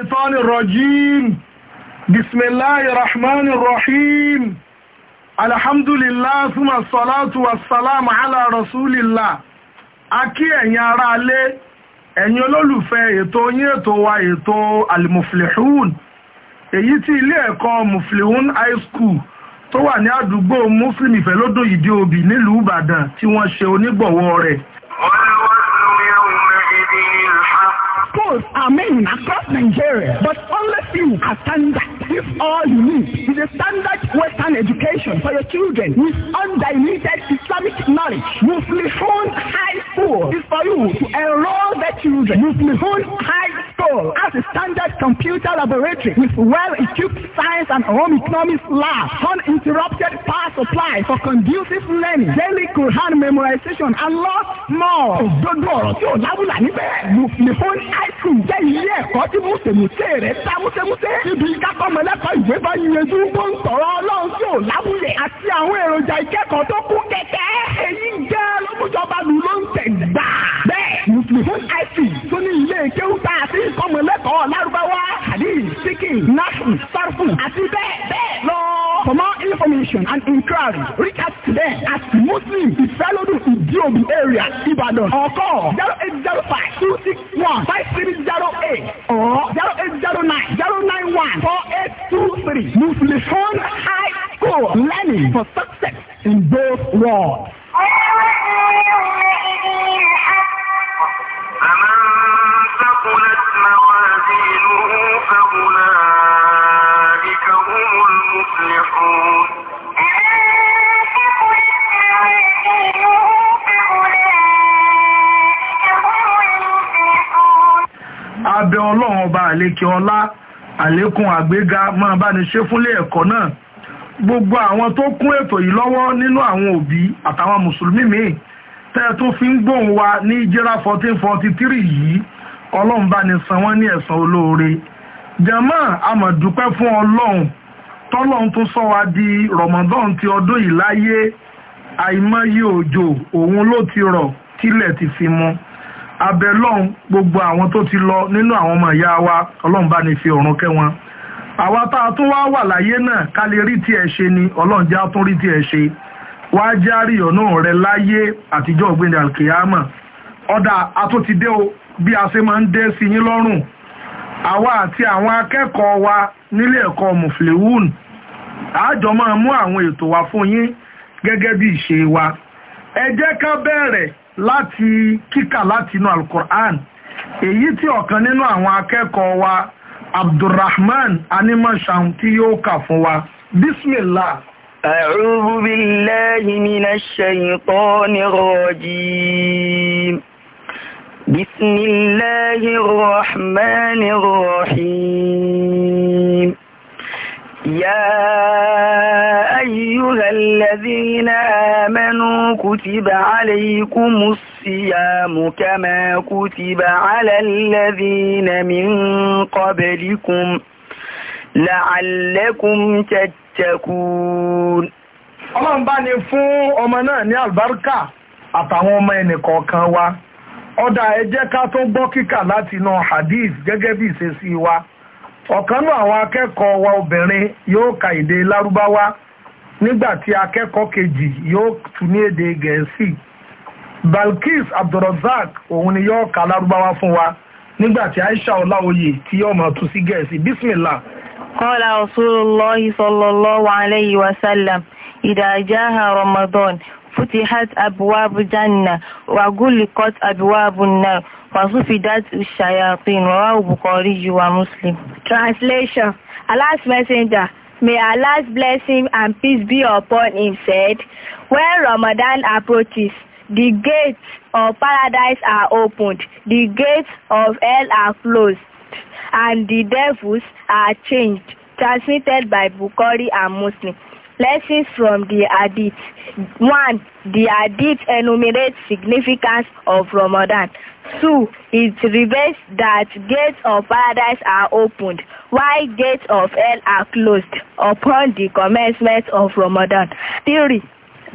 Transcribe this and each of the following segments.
الشيطان الرجيم بسم الله الرحمن الرحيم الحمد لله ثم الصلاة والسلام على رسول الله akí ẹ̀yin ará alé ẹ̀yin olólùfẹ́ ètò yín ètò wa ètò almuflihun èyí tí ilé ẹ̀kọ́ muflihun high school tó wà ní àdúgbò muslim ìfẹ́lódò ìdí òbí nílùú ìbàdàn tí wọ́n ṣe onígbọ̀wọ́ rẹ̀. wọ́n Amen across Nigeria, but only few are standard. If all you need is a standard Western education for your children with undiluted Islamic knowledge, Muflihun High School is for you to enroll their children. Muflihun High Interpol has a standard computer laboratory with well-equipped science and home economics lab, uninterrupted power supply for conducive learning, daily Quran memorization and lots more. Òdodo ọ̀rọ̀ tí ò lábùlà níbẹ̀. Lùfìlìfún high school jẹ́ ilé ẹ̀kọ́ tí mùsèmùsè rẹ̀ ta mùsèmùsè. Ibi ìkákọ́ ìwé bá yanjú bó ń tọ̀rọ̀ ọlọ́run tí ò àti àwọn èròjà ìkẹ́kọ̀ọ́ tó kún kẹ̀kẹ́. Èyí jẹ́ lọ́mújọba lù ló ń tẹ̀ gbà. Bẹ́ẹ̀ muslim fún it tó ní ilé kéwú tá a ti ń kọ́ mọ̀lẹ́kọ̀ọ́ lárúbáwá hadith sikin nafu sarfu àti bẹ́ẹ̀ bẹ́ẹ̀ lọ. For more information and inquiry, reach out to them at Muslim Ifeolodun Idiobi area, Ibadan, or call 0805 261 5 àlékè ọlá àlékún àgbéga máa bá ní ṣe fúnlé ẹ̀kọ́ náà gbogbo àwọn tó kún ètò yìí lọ́wọ́ nínú àwọn òbí àtàwọn mùsùlùmí míì tẹ́ tó fi ń gbóhùn wa ní forty 1443 yìí ọlọ́run bá ní san wọ́n ní ẹ̀san olóore jàmá àmọ̀dúpẹ́ fún ọlọ́run tọ́lọ́run tó sọ wa di rọ̀mọ́dọ́n ti ọdún yìí láyé àìmọye òjò òun ló ti rọ̀ tílẹ̀ ti fi mọ́ abẹ́lọ́hún gbogbo àwọn tó ti lọ nínú àwọn ọmọ ìyá wa ọlọ́run bá ní fi ọ̀run kẹ́ wọn àwa tá a tún wá wà láyé náà ká lè rí tiẹ̀ ṣe ni ọlọ́run já tún rí tiẹ̀ ṣe wá járí ọ̀nà rẹ láyé àtijọ́ ògbìn alkiyama ọ̀dà àtúntìdé o bí a ṣe máa ń dé sí yín lọ́rùn àwa àti àwọn akẹ́kọ̀ọ́ wa nílé ẹ̀kọ́ mufliwun àjọ máa mú àwọn ètò wa fún yín gẹ́gẹ́ bí ìṣe láti kíkà láti inú alukur'an èyí tí ọ̀kan nínú àwọn akẹ́kọ̀ọ́ wa abdulrahman animashan tí yóò kà fún wa bismillah. أعوذ بالله من الشيطان الرجيم بسم الله الرحمن الرحيم يا أيها الذين آمنوا كتب عليكم الصيام كما كتب على الذين من قبلكم لعلكم تتكون fún ọmọ náà ní àlùbáríkà àtàwọn ọmọ ẹnìkọ̀ọ̀kan wa ọ̀dà ẹ ká tó gbọ́ kíkà láti inú hadith gẹ́gẹ́ bí ìṣesí wa ọ̀kan àwọn wa obìnrin yóò ka lárúbáwá nígbàtí akẹ́kọ̀ọ́ kejì yóò tún ní èdè gẹ̀ẹ́sì Balkis Abdulrazak òun ni yóò ka lárúbáwá fún wa nígbàtí Aisha Ọláoyè tí yóò máa tú sí gẹ̀ẹ́sì bismillah. Qala Rasulullahi sallallahu alayhi wa sallam idha jaha Ramadan futihat abwabu janna wa guliqat abwabu nar wa sufidat shayatin rawahu Bukhari wa Muslim. Translation Allah's Messenger may Allah's blessing and peace be upon him, said, When Ramadan approaches, the gates of paradise are opened, the gates of hell are closed, and the devils are changed. Transmitted by Bukhari and Muslim. Lessons from the Hadith. One, The Hadith enumerate significance of Ramadan. Two, It reveals that gates of paradise are opened, while gates of hell are closed upon the commencement of Ramadan. 3.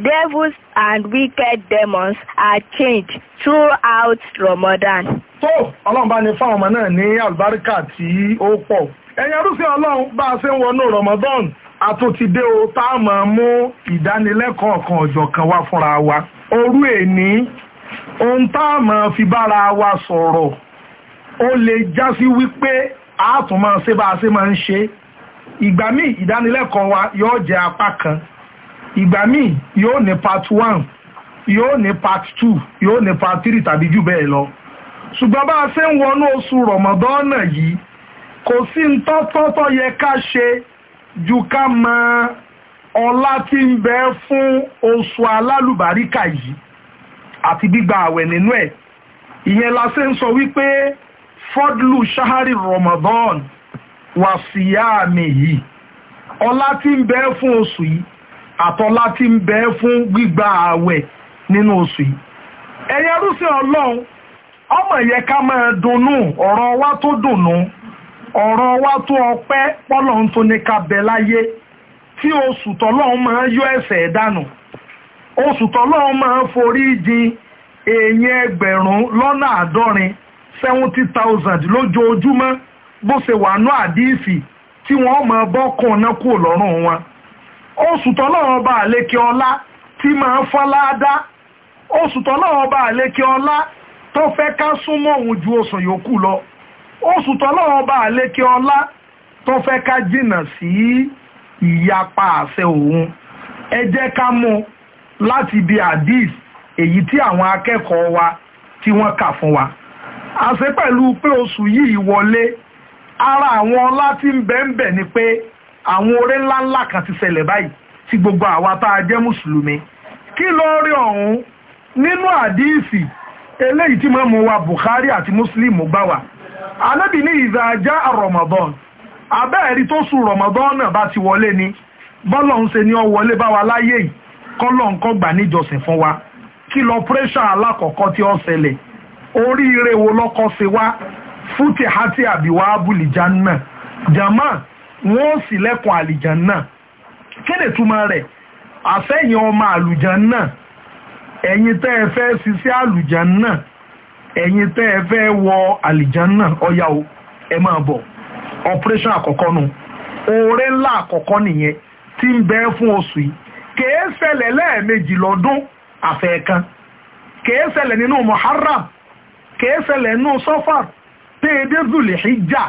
Devils and wicked demons are changed throughout Ramadan. tó ọlọ́run bá ní fáwọn ọmọ náà ní àlùbáríkà tí ó pọ̀ ẹ̀yin arúgbó ọlọ́run bá a ṣe ń wọnú Ramadan a tún ti dé o tá a máa mú ìdánilẹ́kọ̀ọ́ kan ọ̀jọ̀kan wá fúnra wa òru èní ohun tá a máa fi bára wa sọ̀rọ̀ ó lè já sí wípé a tún máa ṣe bá a ṣe máa ń ṣe ìgbà míì ìdánilẹ́kọ̀ọ́ wa yóò jẹ́ apá kan ìgbà míì yóò ní part one yóò ní part two yóò ní part three tàbí jù bẹ́ẹ̀ lọ ṣùgbọ́n bá a ṣe ń wọnú oṣù rọ̀mọ̀dọ́nà yìí kò sí ń tọ́tọ́tọ́ yẹ ká ṣe ju ká mọ ọlá tí ń bẹ fún oṣù alálùbáríkà yìí àti gbígba àwẹ̀ nínú ẹ̀ ìyẹn la ṣe ń sọ wípé fọdlù ṣahari Ramadan wà síyá àmì yìí ọlá tí ń bẹ fún oṣù yìí àtọlá tí ń bẹ fún gbígba àwẹ̀ nínú oṣù yìí ẹ̀yẹ ọlọ́run ọmọ yẹ ká máa dunnú ọ̀rọ̀ wa tó dùnnú ọ̀rọ̀ wa tó ọpẹ́ pọ́lọ́hún tó ní kabẹ̀ láyé tí oṣù tọ́lọ́hún máa yọ ẹ̀ṣẹ̀ dànù oṣù tọ́lọ́hún máa forí jin èèyàn ẹgbẹ̀rún lọ́nà àádọ́rin seventy thousand lójoojúmọ́ bó ṣe wà ní àdìsí tí wọ́n máa bọ́ kàn náà kúrò lọ́rùn wọn oṣù tọ́lọ́hún bá àlékè ọlá tí máa dá oṣù tọ́lọ́hún bá àlékè ọlá tó fẹ́ ká súnmọ́ òun ju oṣù yòókù lọ oṣù tọ́lọ́wọ́ bá lékè ọlá tó fẹ́ ká jìnnà sí ìyapa àṣẹ òun ẹ jẹ́ ká mú láti bí hadith èyí tí àwọn akẹ́kọ̀ọ́ wa tí wọ́n kà fún wa àṣẹ pẹ̀lú pé oṣù yìí wọlé ara àwọn ọlá tí ń bẹ ń bẹ ni pé àwọn oore ńláńlá kan ti ṣẹlẹ̀ báyìí tí gbogbo àwa tá a jẹ́ mùsùlùmí kí ló rí ọ̀hún nínú àdíìsì eléyìí tí mọ́mú wa Bukhari àti Muslim gbà wá anábì ní ìzàjá ramadan abẹ́ẹ̀rí tó sùn ramadan náà bá ti wọlé ni bọ́lọ̀ ń ṣe ni ọ wọlé bá wa láyé yìí kọ́lọ̀ ń kọ́ gbà níjọsìn fún wa kí lọ pírẹ́ṣà alákọ̀ọ́kọ́ tí ó ṣẹlẹ̀ oríire wo lọ́kọ́ ṣe wá fúti hati àbíwá abúlìjàn náà jàmá wọn ò sì lẹ́kùn àlìjàn náà kéde túmọ̀ rẹ̀ àfẹ́yìn ọmọ àlùjàn náà ẹ̀yin tẹ́ ẹ fẹ́ ṣiṣẹ́ àlùjàn náà ẹ̀yin tẹ́ ẹ fẹ́ wọ àlìjánà ọ̀yà o ẹ máa bọ̀ operation àkọ́kọ́ nu oore ńlá àkọ́kọ́ nìyẹn tí ń bẹ fún oṣù yìí kèé ṣẹlẹ̀ lẹ́ẹ̀mejì lọ́dún àfẹ́ẹ̀kan kèé ṣẹlẹ̀ nínú muharram kèé ṣẹlẹ̀ nínú sọ́fàr téèdé zulhijja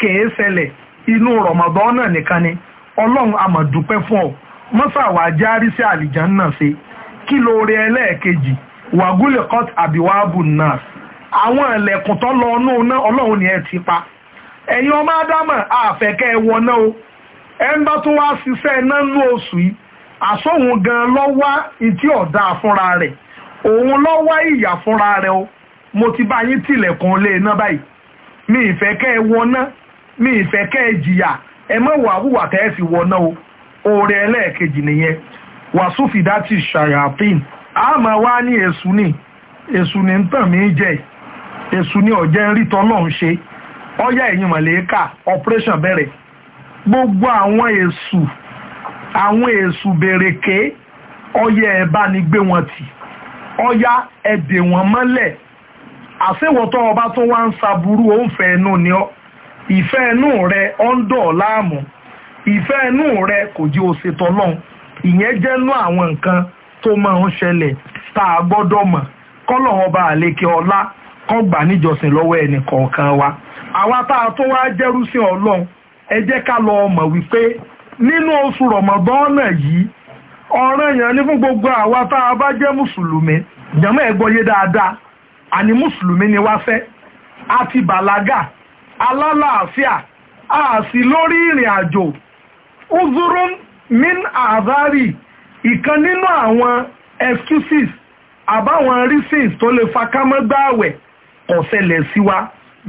kèé ṣẹlẹ̀ inú ramadan náà nìkan ni ọlọ́run amọ̀dúpẹ́ fún ọ mọ́sàwá járí sí ṣe kí lóore àwọn ẹ̀lẹ̀kùn tó lọ ọ̀nà ọ̀nà ọlọ́run ni ẹ ti pa ẹ̀yin ọmọ ádámọ̀ àfẹ́kẹ́ ẹ wọná o ẹ ń bá tó wá ṣiṣẹ́ iná nú oṣù yìí àsóhun gan lọ wá ìtí ọ̀dà fúnra rẹ̀ òun lọ wá ìyà fúnra rẹ̀ o mo ti bá yín tilẹ̀kùn lé iná báyìí mi ìfẹ́ kẹ́ mi ìfẹ́ kẹ́ ẹ jìyà ẹ mọ̀ wà wùwà tẹ́ ẹ fi wọná o oore ẹlẹ́ẹ̀kejì nìyẹn wàsúfìdá ti ṣàyàpín àmọ́ wá ní èṣù ni èṣù ni ń tàn mí jẹ́ yìí esu ni ọ̀jẹ́ rítọ́ náà ń ṣe ọ̀yá ẹ̀yìn mọ̀lẹ́kà operation bẹ̀rẹ̀ gbogbo àwọn esu àwọn esu bèrèké ọ̀yẹ́ ẹ̀ bá ni gbé wọn tì ọba tó wá ń ó ń fẹ́ ẹnu ni ọ́ ìfẹ́ ẹnu rẹ ọ́ ń dọ̀ láàmú ìfẹ́ ẹnu rẹ kò jí o ṣe tọ́lọ́n ìyẹn jẹ́nu àwọn nǹkan tó máa ń ọba àlekè ọlá kọ́ gbà níjọsìn lọ́wọ́ ẹnì kọ̀ọ̀kan wa àwa tá a tó wá jẹ́rú sí ọlọ́run ẹ jẹ́ ká lọ mọ̀ wípé nínú oṣù rọ̀mọ̀dọ́nà yìí ọ̀ranyàn ni fún gbogbo àwa tá a bá jẹ́ mùsùlùmí jàmọ́ ẹ̀ gbọ́yé dáadáa àní mùsùlùmí ni wá fẹ́ a ti bàlágà alálàáfíà a sì lórí ìrìn àjò uzurun min azari ìkan nínú àwọn excuses àbáwọn reasons tó lè fa kámọ́gbáwẹ̀ ọ̀sẹ̀lẹ̀ sí wa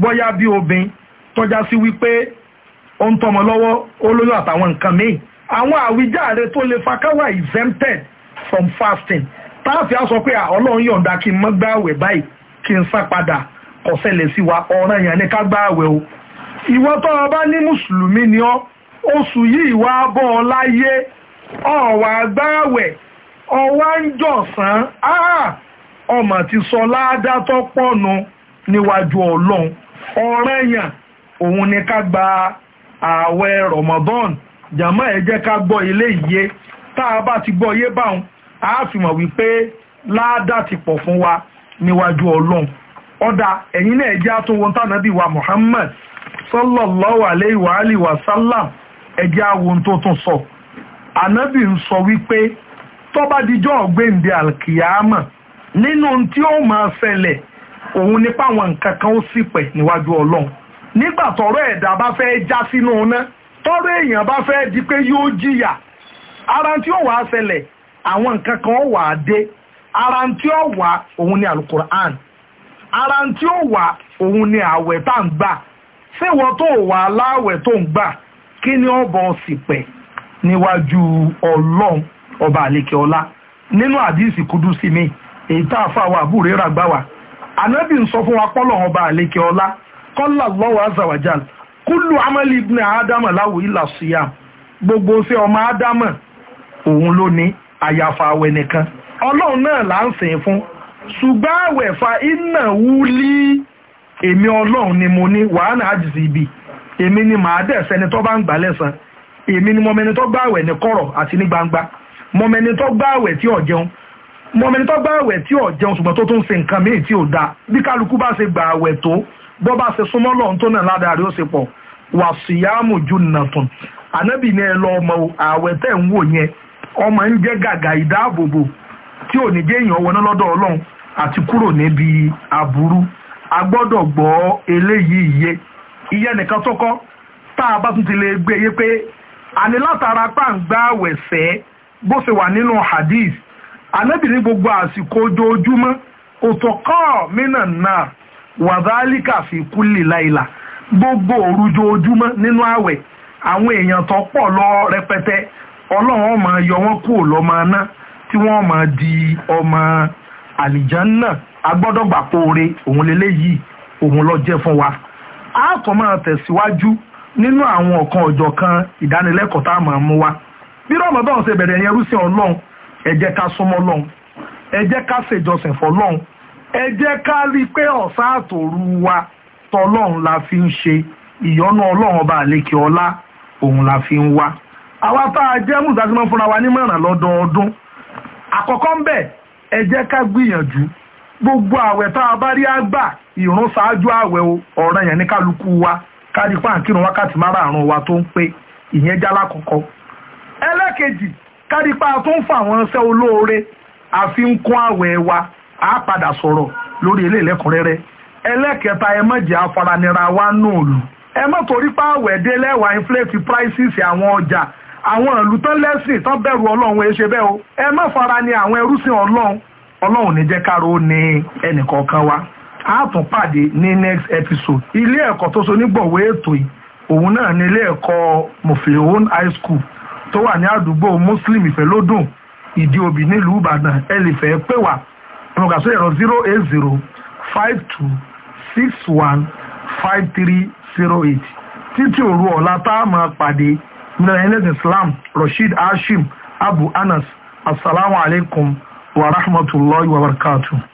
bóyá bí obìnrin tọ́já sí wípé ó ń tọmọ lọ́wọ́ olóyún àtàwọn nǹkan míì àwọn àwíjàre tó lè fa exempted from fasting táàfì á sọ pé ọlọ́run yọ̀ǹda kí n mọ́ gbá àwẹ̀ báyìí kí n sá padà ọ̀sẹ̀lẹ̀ sí ọ̀ràn yẹn ni ká gbá o ìwọ tó o bá ní mùsùlùmí ni ọ́ oṣù yìí wá bọ́ ọ láyé ọ̀wà gbá àwẹ̀ ń jọ̀sán ọmọ ti sọ ládàá tó pọ̀ nu. No níwájú ọlọ́run ọ̀ranyàn òun ni ká gba ààwẹ̀ Ramadan jàmọ́ ẹ jẹ́ ká gbọ́ ilé ìyé tá a bá ti gbọ́ yé báwọn a fi mọ̀ wípé láàdá ti pọ̀ fún wa níwájú ọlọ́run ọ̀dà ẹ̀yin náà jẹ́ àtúnwò tánàbí wa Muhammad sallallahu alayhi wa alihi wa sallam ẹjẹ́ àwọn tó tún sọ ànábì ń sọ wípé tó bá dijọ́ alkiyama nínú tí ó máa ṣẹlẹ̀ òun nípa àwọn nǹkan kan ó sì pẹ̀ níwájú ọlọ́run nígbà tọ̀rọ̀ ẹ̀dá bá fẹ́ já sínú iná tọ̀rọ̀ èèyàn bá fẹ́ di pé yóò jìyà ara tí ó wà á ṣẹlẹ̀ àwọn nǹkan kan ó wà á dé ara tí ó wà òun ni alukur'an ara tí ó wà òun ni àwẹ̀ tá à ń gbà ṣéwọ tó wà láwẹ̀ tó ń gbà kí ni ọbọ̀ sì pẹ̀ níwájú ọlọ́run ọba àlekè ọlá nínú àdìsí kúdú sí mi èyí tá a fa àwọn àbúrò rẹ̀ rà wa ànábì ń sọ fún wa pọ́lọ̀ ọba àlékè ọlá kọ́lá lọ́wọ́ azawajal kúlù amẹ́lì ibùnà ádámà láwù ìlà síyà gbogbo ṣe ọmọ ádámà òun ló ní àyàfà àwẹ̀ nìkan ọlọ́run náà là ń sìn fún ṣùgbọ́n àwẹ̀ fa iná wúlí èmi ọlọ́run ni mo ní wàhánà àjùsí ibi èmi ni màá dẹ̀ sẹ́ni tó bá ń gbà lẹ́sàn èmi ni mọ̀mẹ́ni tó gbà àwẹ̀ ní kọ̀rọ̀ àti ní gbangba mọ̀mẹ́ni tó gbà àwẹ̀ tí ò mọ̀mẹ́ni tó gba àwẹ̀ tí ò jẹun ṣùgbọ́n tó tún ṣe nǹkan míì tí ò da bí kálukú bá ṣe gba àwẹ̀ tó bọ́ bá ṣe súnmọ́ lọ́n tó náà ládàá rí ó ṣe pọ̀ wà síyáàmù ju nàtún ànábì ni ẹ lọ ọmọ àwẹ̀ tẹ̀ ń wò yẹn ọmọ ń jẹ́ gàgà ìdáàbòbò tí ò ní jẹ́ èèyàn wọná lọ́dọ̀ ọlọ́run àti kúrò níbi aburú a gbọ́ eléyìí iye iye nìkan tó kọ́ tá a bá tún ti lè gbé yé pé àní látara pàǹgbà àwẹ̀ bó ṣe wà nínú hadith anábìrin gbogbo àsìkò ojoojúmọ́ òtọ̀kọ́ mínà náà wàdálíkà fi kúlì láìlà gbogbo òrujọ ojúmọ́ nínú ààwẹ̀ àwọn èèyàn tó pọ̀ lọ rẹpẹtẹ ọlọ́run máa yọ wọ́n kúrò lọ́mọ aná tí wọ́n máa di ọmọ àlìjánná agbọ́dọ̀gbà poore òun lélẹ́yìí òun ló jẹ́ fún wa a kò máa tẹ̀síwájú nínú àwọn ọ̀kan ọ̀jọ̀kan ìdánilẹ́kọ̀ọ́ tá a máa mú wa bí rọ́mọdọ́n ṣe bẹ̀rẹ̀ yẹn rúṣin ọlọ́run ẹ jẹ́ ká súnmọ́ lọ́hùn ẹ ká ṣèjọsìn fọlọ́hùn ẹ jẹ́ ká rí i pé ọ̀sán la fi ń ṣe ìyọ́nú ọlọ́run ọba àlekè ọlá òun la fi ń wá àwa tá a jẹ́ mùsàtìmọ́ fúnra wa nímọ̀ràn lọ́dọọdún àkọ́kọ́ ń bẹ̀ ká gbogbo àwẹ̀ tá a bá rí ìrún ṣáájú àwẹ̀ ọ̀ràn yẹn ní kálukú wa kárí páàkì ìrún wákàtí márààrún wa tó ń pé ìyẹn jálá ẹlẹ́kejì kárípá tó ń fa àwọn iṣẹ́ olóore àfi ń kún àwẹ̀ wa á padà sọ̀rọ̀ lórí ilé ìlẹ́kùnrẹ́rẹ́ ẹlẹ́kẹta ẹ má jẹ́ afaranira wa náà lù ẹ má torí pa àwẹ̀ dé lẹ́wàá inflate prices àwọn ọjà àwọn ìlú tán lẹ́sìn tán bẹ̀rù ọlọ́run ẹ ṣe bẹ́ẹ̀ o ẹ má fara ni àwọn ẹrúsìn ọlọ́run ọlọ́run ní jẹ́ ní ẹnìkọ̀ọ̀kan wa a tún pàdé ní next episode ilé ẹ̀kọ́ tó so nígbọ̀wé ètò yìí òun náà ní ilé ẹ̀kọ́ mufleon high school tó wà ní àdúgbò muslim ìfẹ́lódùn ìdí òbí nílùú ìbàdàn ẹ lè fẹ́ pè wá ìmọ̀gàsó ẹ̀rọ zero eight zero five two six one five three zero eight títí òru islam rasheed hashim abu anas asalaamualeykum wa rahmatulahi wa barakatuh.